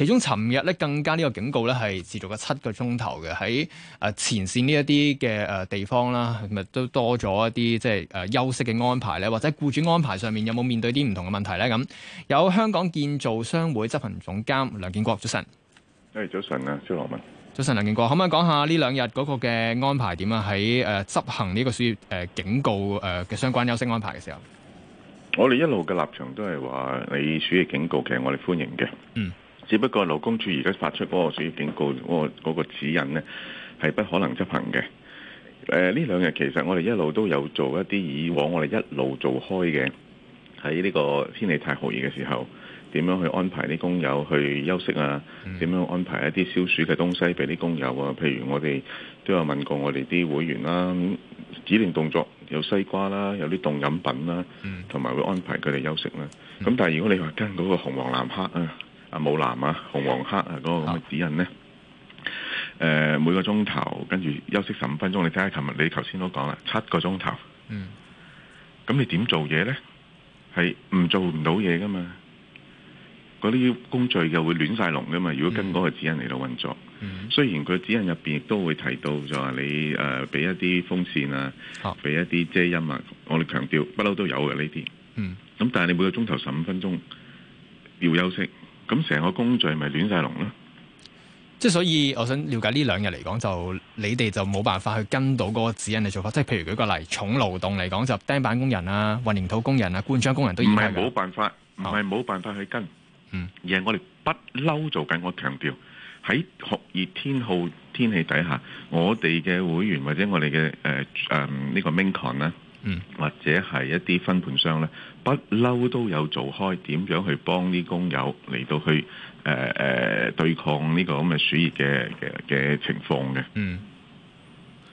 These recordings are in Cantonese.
其中，尋日咧更加呢個警告咧，係持續咗七個鐘頭嘅喺誒前線呢一啲嘅誒地方啦，咁都多咗一啲即係誒休息嘅安排咧，或者僱主安排上面有冇面對啲唔同嘅問題咧？咁有香港建造商會執行總監梁敬國，早晨。誒，早晨啊，小羅文。早晨，梁敬國，可唔可以講下呢兩日嗰個嘅安排點啊？喺誒執行呢個暑熱誒警告誒嘅相關休息安排嘅時候，我哋一路嘅立場都係話，你暑熱警告嘅，我哋歡迎嘅，嗯。只不過勞工處而家發出嗰個暑熱警告嗰個指引呢係不可能執行嘅。誒呢兩日其實我哋一路都有做一啲以往我哋一路做開嘅，喺呢個天氣太酷熱嘅時候，點樣去安排啲工友去休息啊？點樣安排一啲消暑嘅東西俾啲工友啊？譬如我哋都有問過我哋啲會員啦，指定動作有西瓜啦，有啲凍飲品啦，同埋會安排佢哋休息啦。咁但係如果你話跟嗰個紅黃藍黑啊？啊，冇藍啊，紅黃黑啊，嗰、那個咁嘅指引咧、啊呃。每個鐘頭跟住休息十五分鐘。你睇下，琴日你頭先都講啦，七個鐘頭。嗯。咁你點做嘢咧？係唔做唔到嘢噶嘛？嗰啲工序又會亂曬龍噶嘛？如果跟嗰個指引嚟到運作，嗯嗯、雖然佢指引入面亦都會提到就係你誒俾、呃、一啲風扇啊，俾一啲遮陰啊。我哋強調不嬲都有嘅呢啲。嗯。咁但係你每個鐘頭十五分鐘要休息。咁成個工序咪亂晒龍咧？即係所以，我想了解呢兩日嚟講，就你哋就冇辦法去跟到嗰個指引嘅做法。即係譬如舉個例，重勞動嚟講就釘板工人啊、混凝土工人啊、灌漿工人都唔係冇辦法，唔係冇辦法去跟。嗯、oh.，而係我哋不嬲做緊。我強調喺酷熱天候天氣底下，我哋嘅會員或者我哋嘅誒誒呢個 main con 嗯，或者係一啲分判商咧，不嬲都有做開，點樣去幫啲工友嚟到去誒誒、呃、對抗呢個咁嘅暑熱嘅嘅嘅情況嘅。嗯，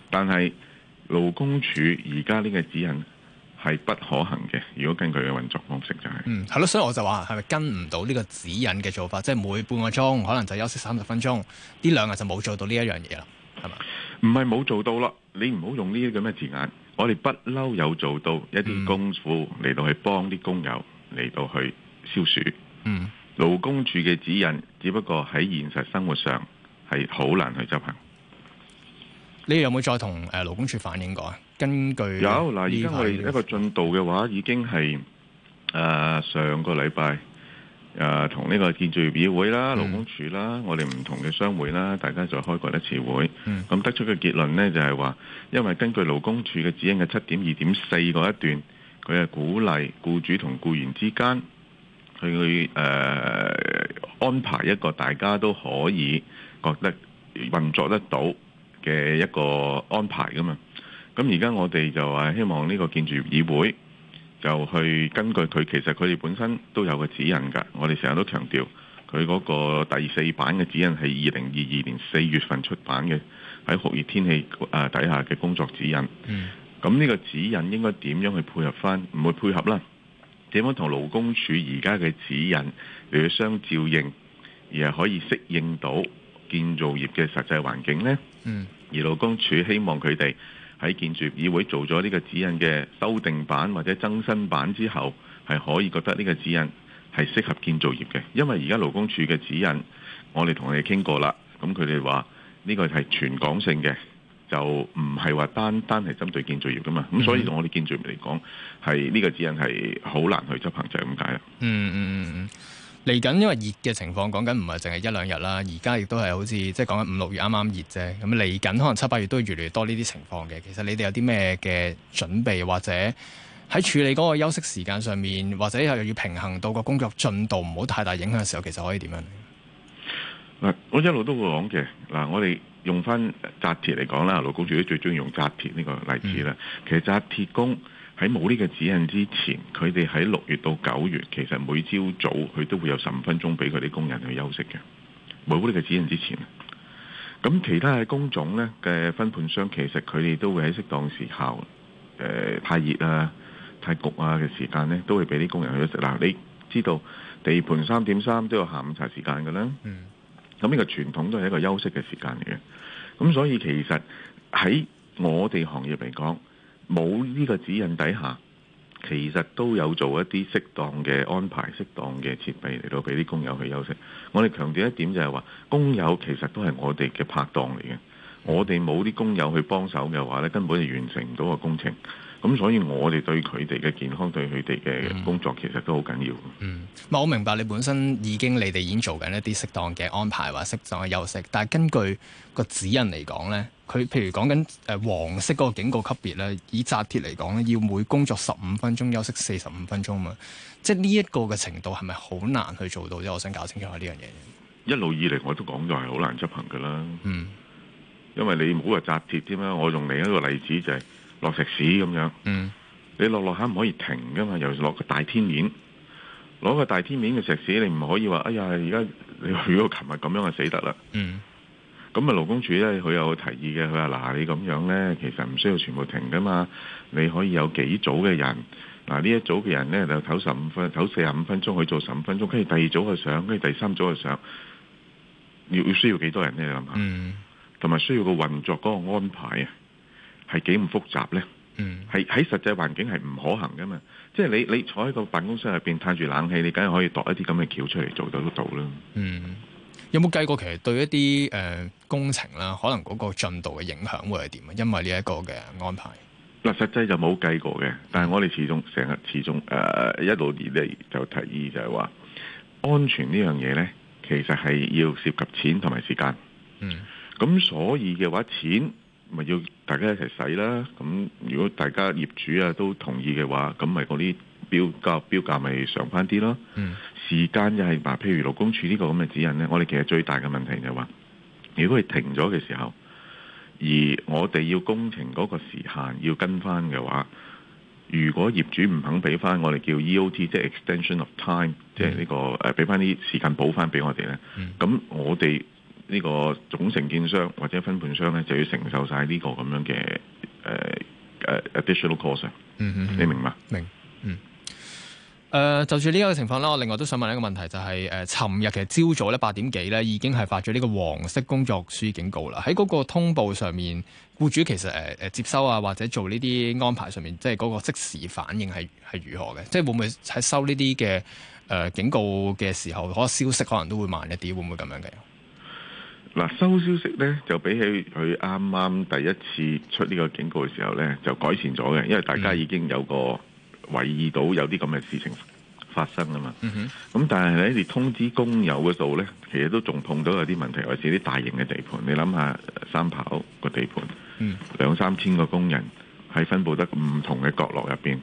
但係勞工處而家呢個指引係不可行嘅，如果根據佢嘅運作方式就係、是。嗯，係咯，所以我就話係咪跟唔到呢個指引嘅做法？即、就、係、是、每半個鐘可能就休息三十分鐘，呢兩日就冇做到呢一樣嘢啦，係嘛？唔係冇做到咯，你唔好用呢啲咁嘅字眼。我哋不嬲有做到一啲功夫嚟到去幫啲工友嚟到去消暑。勞工處嘅指引，只不過喺現實生活上係好難去執行。你哋有冇再同勞工處反映過啊？根據有嗱，而家我哋一個進度嘅話，已經係誒上個禮拜。誒同呢個建築業議會啦、勞工處啦、我哋唔同嘅商會啦，大家再開過一次會，咁、mm. 得出嘅結論呢，就係話，因為根據勞工處嘅指引嘅七點二點四一段，佢係鼓勵僱主同僱員之間，佢誒、呃、安排一個大家都可以覺得運作得到嘅一個安排噶嘛。咁而家我哋就係希望呢個建築業議會。就去根據佢，其實佢哋本身都有個指引㗎。我哋成日都強調，佢嗰個第四版嘅指引係二零二二年四月份出版嘅，喺酷熱天氣底下嘅工作指引。咁、mm. 呢個指引應該點樣去配合返？唔會配合啦。點樣同勞工處而家嘅指引嚟去相照應，而係可以適應到建造業嘅實際環境呢？Mm. 而勞工處希望佢哋。喺建築業議會做咗呢個指引嘅修訂版或者增新版之後，係可以覺得呢個指引係適合建造業嘅，因為而家勞工處嘅指引，我哋同佢哋傾過啦，咁佢哋話呢個係全港性嘅，就唔係話單單係針對建造業㗎嘛，咁所以我哋建築業嚟講，係呢個指引係好難去執行，就係咁解啦。嗯嗯嗯嗯。嚟緊，因為熱嘅情況講緊唔係淨係一兩日啦，而家亦都係好似即係講緊五六月啱啱熱啫。咁嚟緊可能七八月都越嚟越多呢啲情況嘅。其實你哋有啲咩嘅準備或者喺處理嗰個休息時間上面，或者又要平衡到個工作進度，唔好太大影響嘅時候，其實可以點樣？我一路都會講嘅。嗱，我哋用翻紮鐵嚟講啦，勞工處都最中意用紮鐵呢個例子啦。嗯、其實紮鐵工。喺冇呢個指引之前，佢哋喺六月到九月，其實每朝早佢都會有十五分鐘俾佢啲工人去休息嘅。冇呢個指引之前，咁其他嘅工種呢嘅分判商，其實佢哋都會喺適當時候，誒、呃、太熱啊、太焗啊嘅時間呢，都會俾啲工人去休息。嗱，你知道地盤三點三都有下午茶時間㗎啦。咁呢個傳統都係一個休息嘅時間嚟嘅。咁所以其實喺我哋行業嚟講，冇呢個指引底下，其實都有做一啲適當嘅安排，適當嘅設備嚟到俾啲工友去休息。我哋強調一點就係話工友其實都係我哋嘅拍檔嚟嘅。嗯。我哋冇啲工友去幫手嘅話咧，根本就完成唔到個工程。咁所以我哋對佢哋嘅健康，對佢哋嘅工作，其實都好緊要。嗯。嗯，我明白，你本身已經，你哋已經做緊一啲適當嘅安排，話適當嘅休息。但係根據個指引嚟講咧。佢譬如講緊誒黃色嗰個警告級別咧，以紮鐵嚟講咧，要每工作十五分鐘休息四十五分鐘嘛，即係呢一個嘅程度係咪好難去做到咧？我想搞清楚呢樣嘢。一路以嚟我都講咗係好難執行㗎啦。嗯，因為你唔好話紮鐵添啦，我用另一個例子就係落石屎咁樣。嗯，你落落下唔可以停噶嘛？尤其落個大天面，攞個大天面嘅石屎，你唔可以話哎呀，而家你去咗琴日咁樣就死得啦。嗯。咁啊，勞工處咧，佢有個提議嘅，佢話嗱，你咁樣咧，其實唔需要全部停噶嘛，你可以有幾組嘅人，嗱呢一組嘅人咧就唞十五分，唞四十五分鐘去做十五分鐘，跟住第二組去上，跟住第三組去上，要要需要幾多人咧、mm -hmm. mm -hmm.？你諗下，同埋需要個運作嗰個安排啊，係幾唔複雜咧？喺實際環境係唔可行噶嘛？即係你你坐喺個辦公室入面，嘆住冷氣，你梗係可以度一啲咁嘅橋出嚟做到嗰度啦。嗯、mm -hmm.。有冇計過其實對一啲誒、呃、工程啦，可能嗰個進度嘅影響會係點啊？因為呢一個嘅安排，嗱實際就冇計過嘅。但係我哋始終成日始終誒、呃、一路以嚟就提議就係話，安全這件事呢樣嘢咧，其實係要涉及錢同埋時間。嗯。咁所以嘅話，錢咪要大家一齊使啦。咁如果大家業主啊都同意嘅話，咁咪嗰啲標價標價咪上翻啲咯。嗯。時間又係，嗱，譬如勞工處呢個咁嘅指引呢，我哋其實最大嘅問題就係、是、話，如果佢停咗嘅時候，而我哋要工程嗰個時限要跟翻嘅話，如果業主唔肯俾翻我哋叫 EOT，、mm. 即係 extension of time，即係呢個畀俾翻啲時間補翻俾我哋呢。咁、mm. 我哋呢個總承建商或者分判商呢，就要承受曬呢個咁樣嘅、uh, additional cost、mm。-hmm. 你明嗎？明，嗯、mm.。誒、呃，就住呢個情況啦，我另外都想問一個問題，就係、是、誒，尋日其實朝早咧八點幾咧，已經係發咗呢個黃色工作暑熱警告啦。喺嗰個通報上面，僱主其實誒誒、呃、接收啊，或者做呢啲安排上面，即係嗰個即時反應係係如何嘅？即係會唔會喺收呢啲嘅誒警告嘅時候，可能消息可能都會慢一啲，會唔會咁樣嘅？嗱，收消息咧就比起佢啱啱第一次出呢個警告嘅時候咧，就改善咗嘅，因為大家已經有個。嗯為意到有啲咁嘅事情發生啊嘛，咁、mm -hmm. 嗯、但係喺你通知工友嗰度呢，其實都仲碰到有啲問題，尤其是啲大型嘅地盤。你諗下三跑個地盤，mm -hmm. 兩三千個工人喺分布得唔同嘅角落入邊，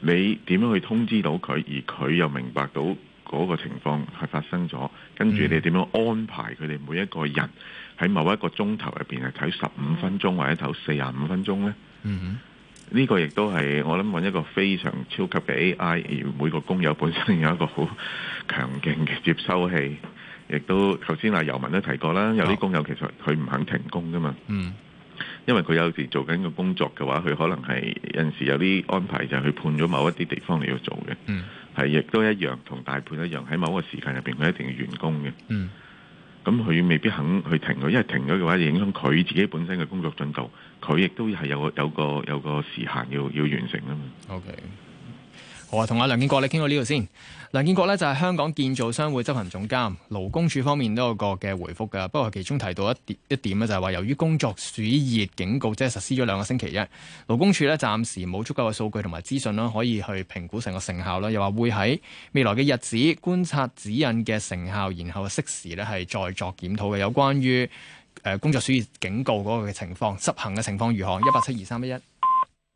你點樣去通知到佢，而佢又明白到嗰個情況係發生咗？跟住你點樣安排佢哋每一個人喺某一個鐘頭入邊，係睇十五分鐘，或者睇四十五分鐘呢？嗯、mm -hmm. 呢、這個亦都係我諗揾一個非常超級嘅 AI，而每個工友本身有一個好強勁嘅接收器，亦都頭先阿尤文都提過啦。有啲工友其實佢唔肯停工㗎嘛，因為佢有時做緊個工作嘅話，佢可能係有陣時有啲安排就去判咗某一啲地方嚟要做嘅，係、嗯、亦都一樣同大判一樣喺某一個時間入邊佢一定要完工嘅。嗯咁佢未必肯去停佢，因為停咗嘅話，影響佢自己本身嘅工作進度，佢亦都係有個有個有個時限要要完成啊嘛。ok。好啊，同阿梁敬國呢傾到呢度先。梁敬國呢，就係、是、香港建造商會執行總監。勞工處方面都有個嘅回覆㗎。不過其中提到一點一點呢，就係話由於工作暑熱警告即係實施咗兩個星期一，一勞工處呢暫時冇足夠嘅數據同埋資訊啦，可以去評估成個成效啦。又話會喺未來嘅日子觀察指引嘅成效，然後適時呢，係再作檢討嘅。有關於工作暑熱警告嗰個嘅情況執行嘅情況如何？一八七二三一一。